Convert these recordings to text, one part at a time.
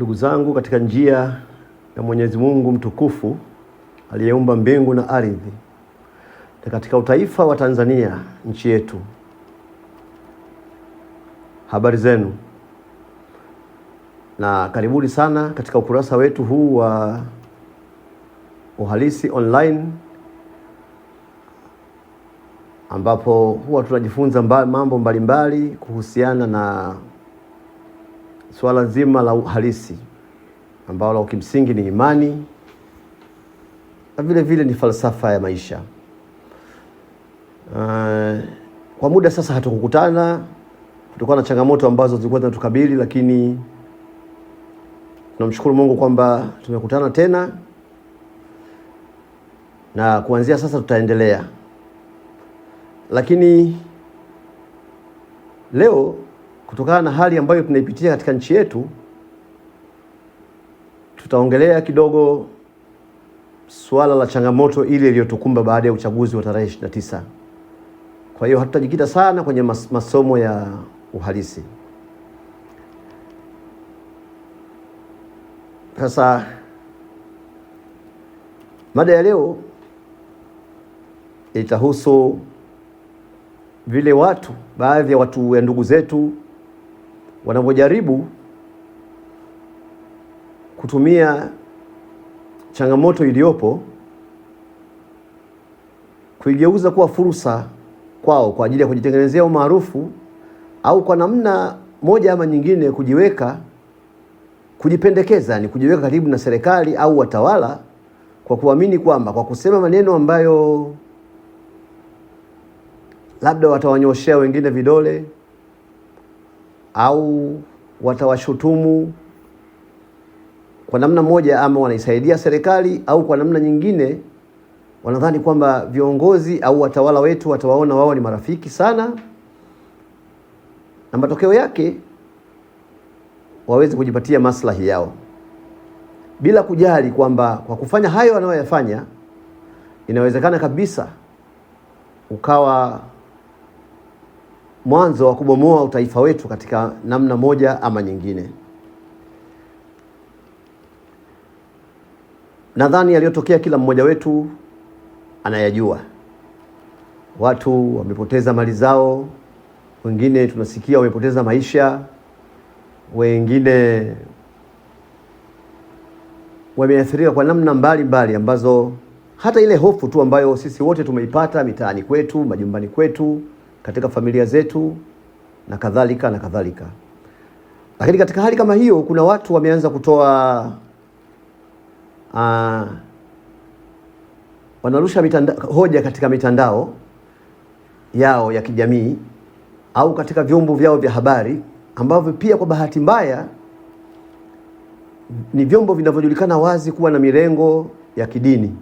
Ndugu zangu katika njia ya Mwenyezi Mungu mtukufu aliyeumba mbingu na ardhi, na katika utaifa wa Tanzania nchi yetu, habari zenu na karibuni sana katika ukurasa wetu huu wa Uhalisi Online ambapo huwa tunajifunza mba, mambo mbalimbali kuhusiana na swala zima la uhalisi ambalo kimsingi ni imani na vile vile ni falsafa ya maisha. Uh, kwa muda sasa hatukukutana, tulikuwa na changamoto ambazo zilikuwa zinatukabili, lakini tunamshukuru Mungu kwamba tumekutana tena na kuanzia sasa tutaendelea, lakini leo kutokana na hali ambayo tunaipitia katika nchi yetu, tutaongelea kidogo suala la changamoto ile iliyotukumba baada ya uchaguzi wa tarehe 29. Kwa hiyo hatutajikita sana kwenye mas masomo ya uhalisi. Sasa mada ya leo itahusu vile watu, baadhi ya watu ya ndugu zetu wanapojaribu kutumia changamoto iliyopo kuigeuza kuwa fursa kwao kwa ajili ya kujitengenezea umaarufu au kwa namna moja ama nyingine kujiweka kujipendekeza, ni kujiweka karibu na serikali au watawala, kwa kuamini kwamba kwa kusema maneno ambayo labda watawanyoshea wengine vidole au watawashutumu kwa namna moja ama wanaisaidia serikali au kwa namna nyingine wanadhani kwamba viongozi au watawala wetu watawaona wao ni marafiki sana, na matokeo yake waweze kujipatia maslahi yao bila kujali kwamba kwa kufanya hayo wanayoyafanya inawezekana kabisa ukawa mwanzo wa kubomoa utaifa wetu katika namna moja ama nyingine. Nadhani yaliyotokea kila mmoja wetu anayajua. Watu wamepoteza mali zao, wengine tunasikia wamepoteza maisha, wengine wameathirika kwa namna mbalimbali mbali, ambazo hata ile hofu tu ambayo sisi wote tumeipata mitaani kwetu, majumbani kwetu katika familia zetu na kadhalika na kadhalika. Lakini katika hali kama hiyo, kuna watu wameanza kutoa uh, wanarusha mitanda, hoja katika mitandao yao ya kijamii au katika vyombo vyao vya habari ambavyo pia kwa bahati mbaya ni vyombo vinavyojulikana wazi kuwa na mirengo ya kidini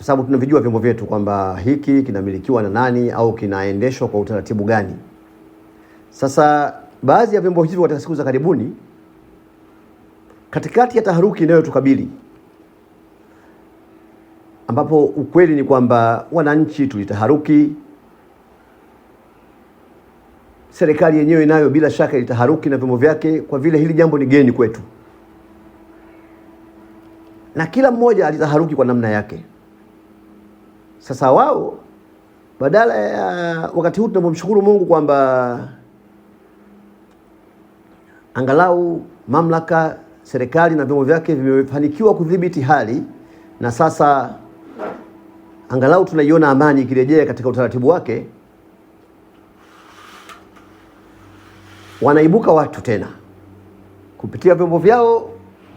kwa sababu tunavijua vyombo vyetu kwamba hiki kinamilikiwa na nani au kinaendeshwa kwa utaratibu gani. Sasa baadhi ya vyombo hivyo katika siku za karibuni, katikati ya taharuki inayotukabili ambapo ukweli ni kwamba wananchi tulitaharuki, serikali yenyewe nayo bila shaka ilitaharuki na vyombo vyake, kwa vile hili jambo ni geni kwetu, na kila mmoja alitaharuki kwa namna yake. Sasa wao badala ya wakati huu tunapomshukuru Mungu kwamba angalau mamlaka, serikali na vyombo vyake vimefanikiwa kudhibiti hali, na sasa angalau tunaiona amani ikirejea katika utaratibu wake, wanaibuka watu tena kupitia vyombo vyao,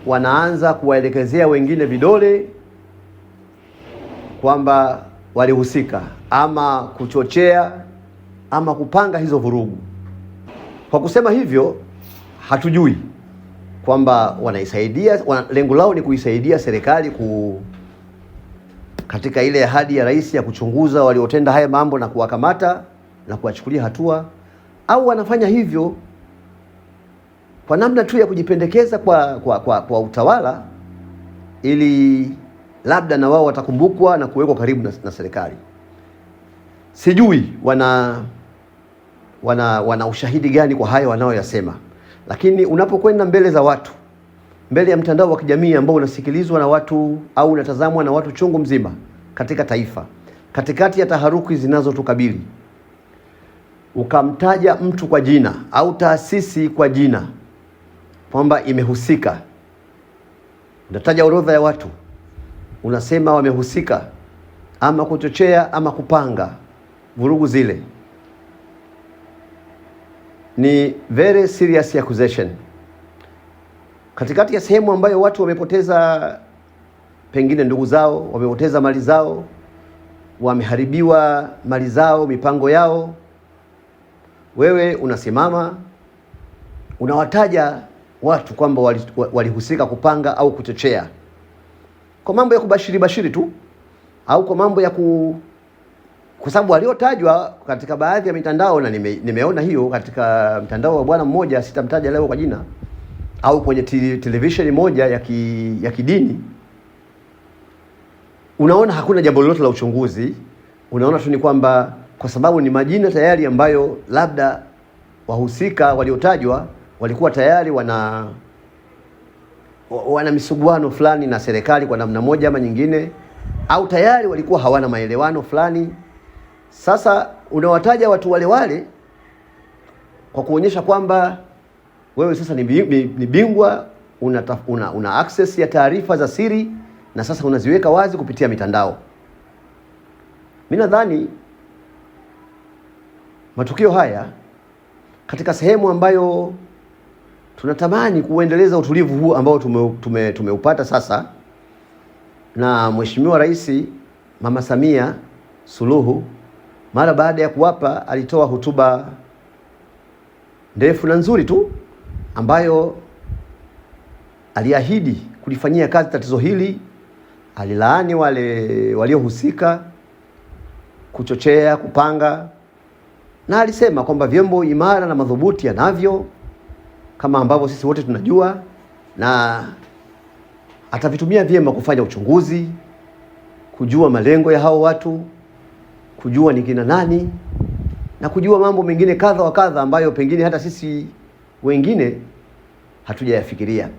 wanaanza kuwaelekezea wengine vidole kwamba walihusika ama kuchochea ama kupanga hizo vurugu. Kwa kusema hivyo, hatujui kwamba wanaisaidia wana, lengo lao ni kuisaidia serikali ku katika ile ahadi ya rais ya kuchunguza waliotenda haya mambo na kuwakamata na kuwachukulia hatua, au wanafanya hivyo kwa namna tu ya kujipendekeza kwa, kwa, kwa, kwa utawala ili labda na wao watakumbukwa na kuwekwa karibu na, na serikali. Sijui wana wana wana ushahidi gani kwa hayo wanaoyasema, lakini unapokwenda mbele za watu, mbele ya mtandao wa kijamii ambao unasikilizwa na watu au unatazamwa na watu chungu mzima katika taifa, katikati ya taharuki zinazotukabili, ukamtaja mtu kwa jina au taasisi kwa jina kwamba imehusika, unataja orodha ya watu unasema wamehusika ama kuchochea ama kupanga vurugu zile, ni very serious accusation. Katikati ya sehemu ambayo watu wamepoteza pengine ndugu zao, wamepoteza mali zao, wameharibiwa mali zao, mipango yao, wewe unasimama unawataja watu kwamba walihusika wali kupanga au kuchochea kwa mambo ya kubashiri bashiri tu au kwa mambo ya ku kwa sababu waliotajwa katika baadhi ya mitandao na nime, nimeona hiyo katika mtandao wa bwana mmoja sitamtaja leo kwa jina au kwenye televisheni moja ya, ki, ya kidini, unaona hakuna jambo lolote la uchunguzi. Unaona tu ni kwamba kwa sababu ni majina tayari ambayo labda wahusika waliotajwa walikuwa tayari wana wana misuguano fulani na serikali kwa namna moja ama nyingine, au tayari walikuwa hawana maelewano fulani. Sasa unawataja watu wale wale kwa kuonyesha kwamba wewe sasa ni bingwa, una, una, una access ya taarifa za siri na sasa unaziweka wazi kupitia mitandao. Mimi nadhani matukio haya katika sehemu ambayo tunatamani kuendeleza utulivu huu ambao tumeupata tume, tume sasa na Mheshimiwa Rais Mama Samia Suluhu mara baada ya kuwapa, alitoa hotuba ndefu na nzuri tu ambayo aliahidi kulifanyia kazi tatizo hili. Alilaani wale waliohusika kuchochea, kupanga na alisema kwamba vyombo imara na madhubuti yanavyo kama ambavyo sisi wote tunajua, na atavitumia vyema kufanya uchunguzi, kujua malengo ya hao watu, kujua ni kina nani na kujua mambo mengine kadha wa kadha ambayo pengine hata sisi wengine hatujayafikiria.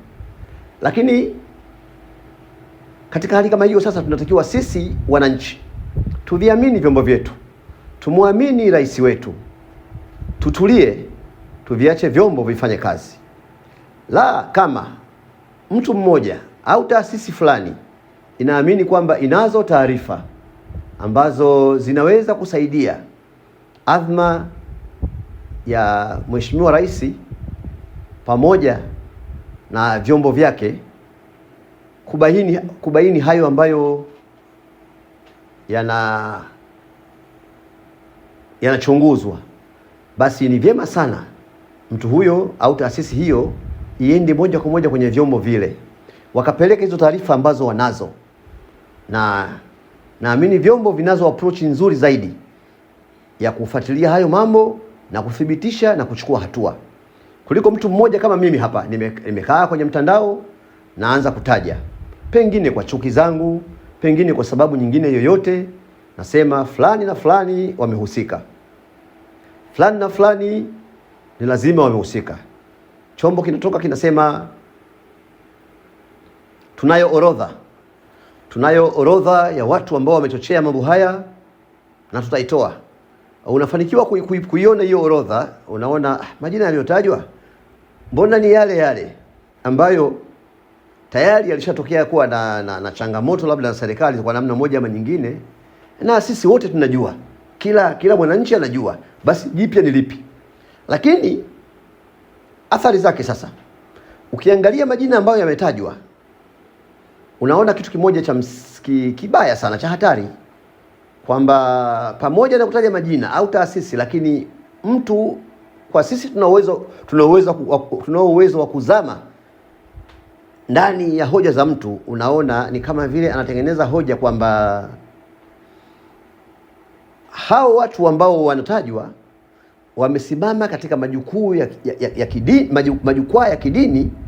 Lakini katika hali kama hiyo, sasa tunatakiwa sisi wananchi tuviamini vyombo vyetu, tumwamini rais wetu, tutulie tuviache vyombo vifanye kazi. La kama mtu mmoja au taasisi fulani inaamini kwamba inazo taarifa ambazo zinaweza kusaidia adhma ya Mheshimiwa Rais pamoja na vyombo vyake kubaini, kubaini hayo ambayo yana yanachunguzwa, basi ni vyema sana mtu huyo au taasisi hiyo iende moja kwa moja kwenye vyombo vile, wakapeleka hizo taarifa ambazo wanazo, na naamini vyombo vinazo approach nzuri zaidi ya kufuatilia hayo mambo na kuthibitisha na kuchukua hatua kuliko mtu mmoja kama mimi hapa nimekaa kwenye mtandao naanza kutaja, pengine kwa chuki zangu, pengine kwa sababu nyingine yoyote, nasema fulani na fulani wamehusika, fulani na fulani ni lazima wamehusika. Chombo kinatoka kinasema, tunayo orodha, tunayo orodha ya watu ambao wamechochea mambo haya na tutaitoa. Unafanikiwa kuiona hiyo orodha, unaona ah, majina yaliyotajwa mbona ni yale yale ambayo tayari yalishatokea kuwa na, na, na changamoto labda na serikali kwa namna moja ama nyingine, na sisi wote tunajua, kila kila mwananchi anajua, basi jipya ni lipi? Lakini athari zake sasa, ukiangalia majina ambayo yametajwa, unaona kitu kimoja cha msiki, kibaya sana cha hatari kwamba pamoja na kutaja majina au taasisi, lakini mtu kwa sisi tuna uwezo tuna uwezo tuna uwezo wa kuzama ndani ya hoja za mtu. Unaona, ni kama vile anatengeneza hoja kwamba hao watu ambao wanatajwa wamesimama katika majukwaa ya, ya, ya, ya kidini, majukwaa ya kidini